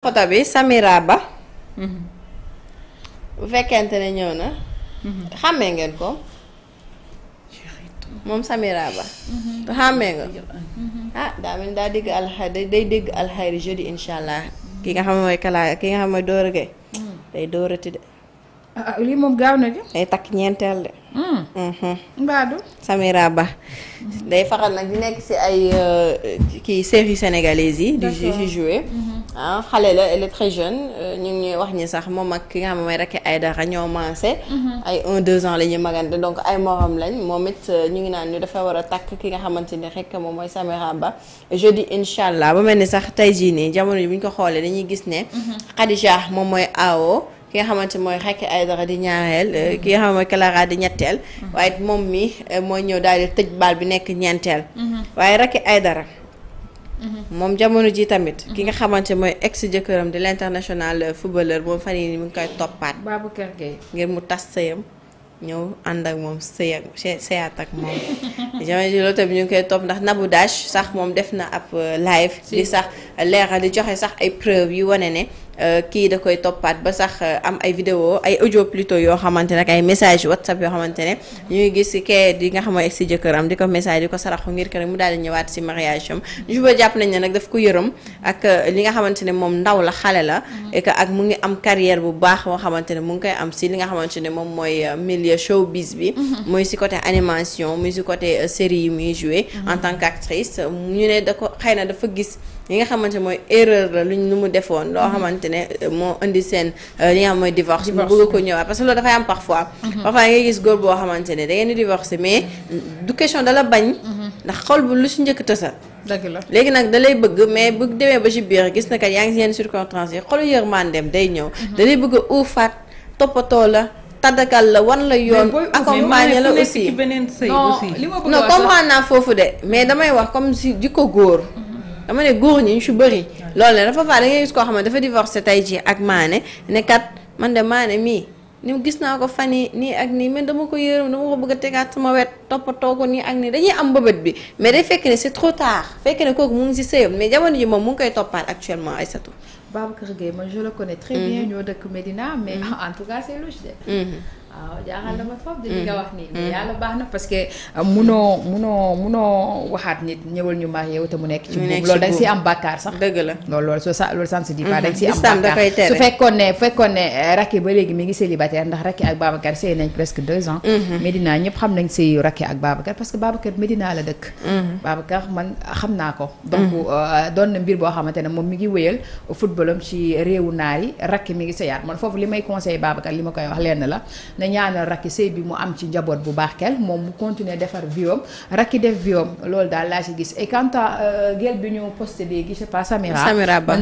photo bi Samira Ba mhm. bu fekkente ne ñëw na mhm. xàmmee ngeen ko moom Samira Ba mhm. xàmmee nga ah daa mel daa dégg alxayri day dégg alxayri jeudi insha allah ki nga xam mooy kalaa ki nga xam mooy Dóora Gueye day dóorati ah, de day takk ñeenteel de mbaadu Samira Ba day faral nag di nekk ci ay euh, kii série sénégalaise yi di jouer ah xale la elle est euh, ñu ngi ñuy wax ñi sax moom mag ki nga xam ne mooy rek ay dara ñoo maase. Mhm. ay un deux ans la ñuy magante donc ay morom lañ moom it euh, ñu ngi naan ñu dafa war a takk ki nga xamante ni rek moom mooy Samira Ba jeudi incha allah ba mel ni sax tey jii nii jamono bi ñu ko xoolee dañuy gis ne. Mhm. Khadija moom mooy awo. ki nga xamante mooy Rekk Aydara di ñaareel euh, mhm. ki nga xam mooy Clara di ñetteel. waaye moom mi mooy ñëw daal di tëj baal bi nekk ñeenteel. waaye Rekk Aydara. moom jamono ji tamit. ki nga xamante mooy ex jëkkëram di l' international footballeur moom fan yii mu ngi koy toppaat. Babacar Gueye ngir mu tas sëyam ñëw ànd ak moom sëy ak sëyaat ak moom. jamono ji loolu tamit ñu ngi koy topp ndax nabu Dash sax moom def na ab euh, live. di sax leeral di joxe sax ay preuve yu wane ne. Euh, kii da koy toppaat ba sax euh, am ay vidéo ay audio plutôt yoo xamante ne ay message whatsapp yoo xamante ne ñu ngi gis si kee di nga xam ne si jëkkëram di ko message di ko saraxu ngir kër mu daal di ñëwaat si mariage am jàpp nañ ne nag daf ko yërëm ak euh, li nga xamante ne moom ndaw la xale la mm. et ak mu ngi am carrière bu baax boo xamante ne mu ngi koy am si li nga xamante ne moom mooy milieu showbiz bi mm-hmm. muy si côté animation muy si côté série yi muy joué mm-hmm. en tant qu'actrice ñu ne da ko xëy na dafa gis li nga xamante mooy erreur la luñ lu mu defoon loo mm-hmm. xamante ne moo indi seen euh, li nga xam mooy divorce mu bëgg ko ñëwaat parce loolu dafay am parfois mhm. parfois ngay gis góor boo xamante ne da ngeen di divorce mais du question dala bañ mhm. ndax xol bu lu si njëkk tësa dëgg léegi nag da lay bëgg mais bu demee ba ci biir gis na kat yaa ngi si yenn circonstances yi xolu yërmandeem day ñëw mhm. da bëgg a toppatoo la tàddakal la wan la yoon accompagner la aussi non comprendre naa foofu de mais damay wax comme si jikko góor dama ne góor ñi ñu si bëri. loolu ne dafa faa da gis koo xam ne dafa divorcé tey jii ak maane ne man de maane mii ni gis naa ko fan yii nii ak nii man dama ko yërëm dama ko bëgg a tegaat sama wet toppatoo ko nii ak nii dañuy am bëbët bi mais day fekk ne c'est trop tard fekk ne kooku mu ngi si sëyam mais jamono ji moom mu ngi koy toppaat actuellement ay satu Babacar Gueye mm-hmm. dëkk Médina mais mm-hmm. en tout cas waaw ah, jaaxal dama foofu di li mm-hmm. nga wax nii mais mm-hmm. yàlla baax na parce que ah, munoo munoo munoo waxaat nit ñëwul ñu maax te mu nekk ci buum loolu da nga si am bàkkaar sax dëgg la loolu loolu soo sa loolu ça ne se dit pas mm-hmm. am ne fekkoon eh, mi ngi célibataire ndax Racky ak Babacar sëy nañ presque deux ans Medina ñëpp xam nañ sëyu Racky ak Babacar parce que Babacar Medina la dëkk Babacar man xam naa ko donc euh, doon na mbir boo xamante ne moom mi ngi wéyal footballam ci réewu naar yi Racky mi ngi sëyaat man foofu li may conseil Babacar li ma koy wax lenn la na ñaanal rakki sëy bi mu am ci njaboot bu baax kel moom mu continuer defar viom rakki def viom loolu daal laa si gis et quant à euh, gel bi ñu posté léegi je sais pas Samira Samira Ba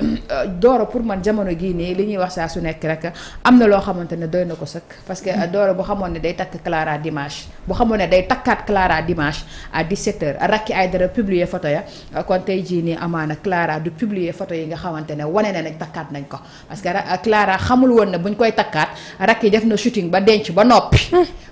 euh, euh, pour man jamono gii nii li ñuy wax saa su nekk rek am na loo xamante ne doy na ko sëkk parce que Doro bu xamoon ne day takk Clara dimanche bu xamoon ne day takkaat Clara dimanche à 17h rakki ay dara publier photo ya kon tey jii nii amaana Clara du publier photo yi nga xamante ne wane na nag takkaat nañ ko parce def na shooting ba denc ba noppi.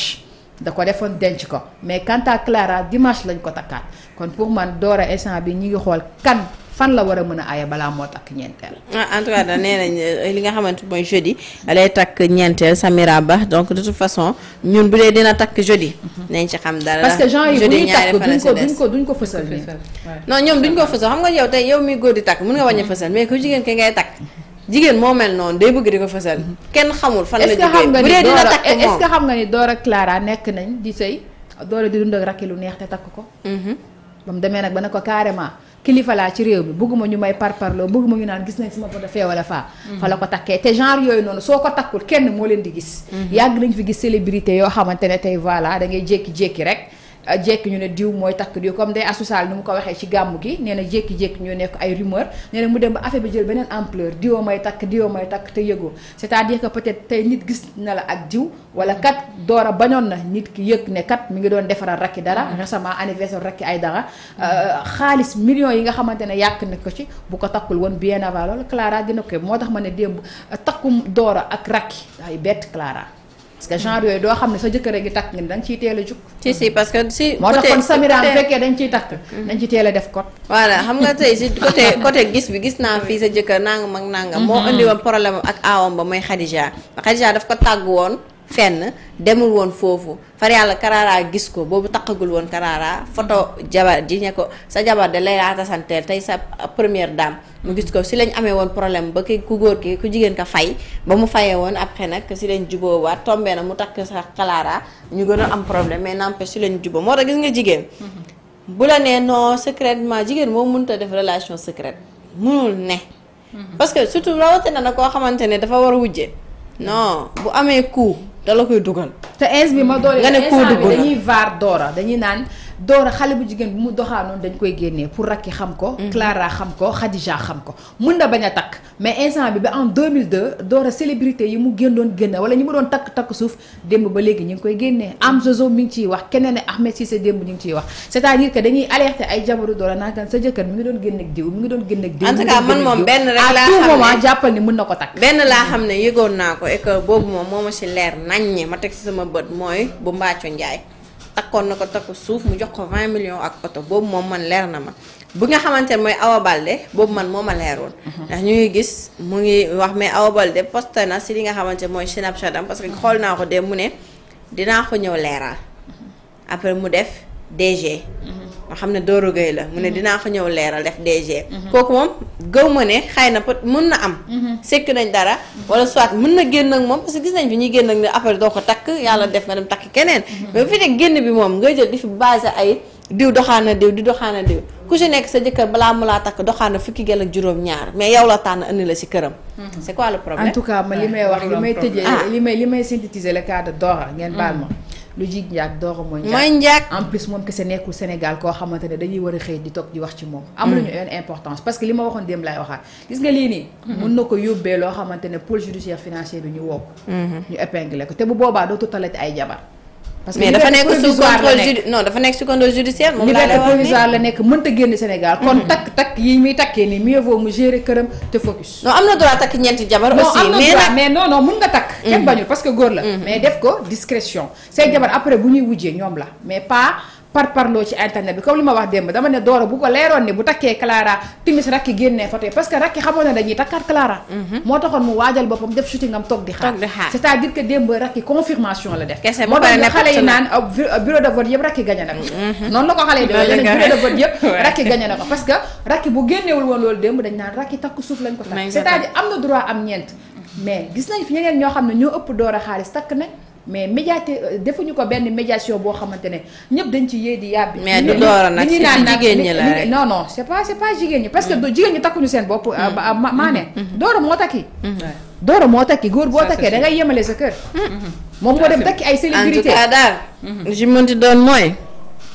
dimanche da ko defoon denc ko mais quant à Clara dimanche lañ ko takkaat kon pour man Dora instant bi ñu ngi xool kan fan la war a mën a aaye balaa moo takk ñeenteel. ah en tout cas nee nañ euh, li nga xamante mooy jeudi lay takk ñeenteel Samira Ba donc de toute façon ñun bu dee dina takk jeudi. nañ ci xam dara parce que gens yi bu ñuy takk duñ ko duñ ko fësal. non ñoom duñ ko fësal xam nga yow tey yow mi góor di takk mën nga wàññi mm-hmm. fësal mais ku jigéen ke ngay takk. jigéen moo mel noonu day bëgg di ko fësal. Mhm. kenn xamul fan la jógee bu dee dina takk moom est-ce que xam nga ni Dora Clara nekk nañ di sëy Dora di dund ak rakki lu neex te takk ko. Mhm. ba mu demee nag ba ne ko carrément kilifa laa ci réew bi bëgguma ñu may par parparloo bëgguma ñu naan gis nañ sama bopp fee wala faa. Mhm. fa la ko takkee te genre yooyu noonu soo ko takkul kenn moo leen di gis. yàgg nañ fi gis célébrité yoo xamante ne tey voilà da ngay jékki-jékki rek. Euh, jékki ñu ne diw mooy takk diw comme day asusaal ni mu ko waxee ci gàmmu gi neena na jékki-jékki ñu nekk ay rumeur nee mu dem ba affaire bi jël beneen ampleur diwo may takk diwo may takk te yëgoo c'est-à-dire que peut-être tey nit gis na la ak diw wala kat doora a bañoon na nit ki yëg ne kat mu ngi doon defaral rakki dara mm-hmm. récemment anniversaire rakki ay dara euh, xaalis millions yi nga xamante ne yàq na ko ci bu ko takkul woon bien avant loolu Clara dina ko moo tax ma ne démb takkum doora ak rakki ay bett Clara parce que genre yooyu doo xam ne sa jëkkër a ngi takk nga ni da nga ciy teel a jug. si parce que si. côté moo tax kon Samira bu fekkee dañ ciy takk. dañ ci teel a def kot. voilà xam nga tey si côté côté gis bi gis naa fii sa jëkkër nangam ak nangam. moo mhm. indi woon problème ak aawam ba mooy Khadija Khadija daf ko tàggu woon. fenn demul woon foofu far yàlla Karara gis ko boobu taqagul woon Karara photo jabar ji ne ko sa jabar de lay laata santeel tey sa première dame mu gis ko si lañ amee woon problème ba ki ku góor ki ku jigéen ko fay ba mu fayee woon après nag si lañ juboo waat tombé na mu takk sa Karara ñu gën a am problème mais n'empêche si lañ juboo moo tax gis nga jigéen mm-hmm. bu la nee non secrètement jigéen moo mënut a def relation secrète munul ne mm-hmm. parce que surtout rawatina na koo xamante ne dafa war a wujje non bu amee da la koy dugal. te ins bi ma doole. nga ne koo dugal dañuy var doora dañuy naan. doora xale bu jigéen bu mu doxaanoon dañ koy génne pour rakki xam ko mhm. Clara xam ko Khadija xam ko mun na bañ a takk mais instant bi ba en 2002 doora célébrité yi mu gén génn wala ñi mu takk takk suuf démb ba léegi ñu ngi koy génnee am zozo mi ngi ciy wax keneen ne Ahmed Cissé démb ñu ngi ciy wax c'est-à-dire que dañuy alerter ay jabaru doora naakan sa jëkkër mi ngi doon génn ak diw mi ngi doon génn ak diw en tout man moom benn rek laa xam ne mën na ko takk benn laa xam ne yëgoon naa ko et boobu moom moo ma si leer nañ naññe ma teg si sama bët mooy bu Mbathio Ndiaye takkoon na ko takk suuf mu jox ko 20 millions ak oto boobu moom man leer na ma bu nga xamante ne mooy Awa Balde boobu man moo ma woon mhm. ndax ñu ngi gis mu ngi wax mais awabal de posté na si li nga xamante mooy Snapchat am parce que xool naa ko de mu ne dinaa ko ñëw leeral mhm. après mu def DG. Mhm. nga xam ne Doro Gueye la mu ne mhm. dinaa fa ñëw leeral def DG. Mhm. kooku moom gëw ma ne xëy na peut mën na am. Mhm. sekk nañ dara. wala soit mën na génn ak moom parce que gis nañ fi ñuy génn ak ne après doo ko takk yàlla def nga dem takk keneen. mais bu fi nekk génn bi moom nga jël di fi basé ay diw doxaana diw di doxaana diw. ku si nekk sa jëkkër balaa mu laa takk doxaana fukki gel ak juróom ñaar mais yow la tànn indi la si këram. c'est quoi le problème. en tout cas ma li may ma. lu ji njaag doora mooy njaag en plus moom kese nekkul Sénégal koo xamante ne dañuy war a xëy di toog di wax ci moom am lu ñu yoon mm. importance parce que li ma waxoon démb laay waxaat gis nga lii nii mën mm-hmm. na ko yóbbee loo xamante ne pôle judiciaire financier bi ñu woo mm-hmm. ñu épinglé ko te bu boobaa doo tutalati ay jabar parce que dafa nekk sous contrôle judi non dafa nekk sous moom laa lay provisoire la nekk mënta génn Sénégal kon mhm. takk takk yi muy takkee nii mieux vaut mu gérer këram te focus non am na droit takk ñeenti jabar aussi mais nag mais non non mun nga takk kenn mhm. bañul parce que góor la mhm. mais def ko discrétion say jabar après bu ñuy wujjee ñoom la mais pas par parloo ci internet bi comme li ma wax démb dama ne Doro bu ko leeroon ne bu takkee Clara timis rakki génnee photo yi parce que rakki xamoon ne dañuy takkaat Clara. Mhm. moo taxoon mu waajal di xaar. démb rakki confirmation la def. kese moo tax xale yi naan oh, oh, bureau de vote yëpp rakki gañe na ko. Mhm. noonu la ko xale yi di bureau de vote yëpp rakki gañe na ko parce que rakki bu génneewul woon loolu démb dañ naan rakki takku suuf lañ ko takk cest à am mais médiateur ñu ko benn médiation boo xamante ne ñëpp dañ ci yee di yàbbi. mais du doora nag ci jigéen ñi la rek non non c'est pas c'est pas jigéen ñi. parce que mm. jigéen ñi takkuñu seen bopp. Euh, mm. maa ne. Mm. doora moo takki. doora moo takki góor boo takkee da ngay yemale sa kër. Mm-hmm. moom moo dem takki ay célébrité en tout cas daal. Mm-hmm. doon mooy.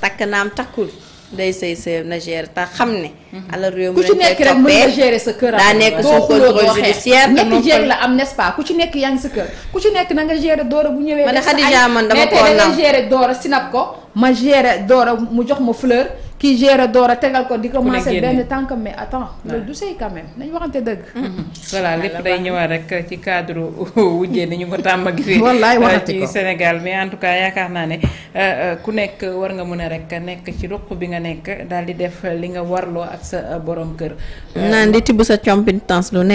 takk naam takkul. day sëy sëy na gérer te xam ne. Mhm. alal réew mi ku ci nekk rek mën nga gérer sa kër. daa nekk sous contrôle judiciaire ñetti jéeg la am n'est-ce ku ci nekk yaa ngi sa kër ku ci nekk na nga gérer doora bu ñëwee. ma ne Khadija man dama ko nam mais tey da nga gérer doora sinap ko ma gérer doora mu jox ma fleur. kii géré door a tegal ko di ko commencé benn tànk mais loolu du sëy quand nañ waxante dëgg mm-hmm. voilà lépp day ñëwaat rek ci cadre wujjee ni ñu ko tàmm gisee wallaay euh, waxati ko ci Sénégal mais en tout cas yaakaar naa ne euh, euh, ku nekk war nga mën a rek nekk ci ruq bi nga nekk daal di def li nga warloo ak sa borom kër naan di tibb sa compétence lu neex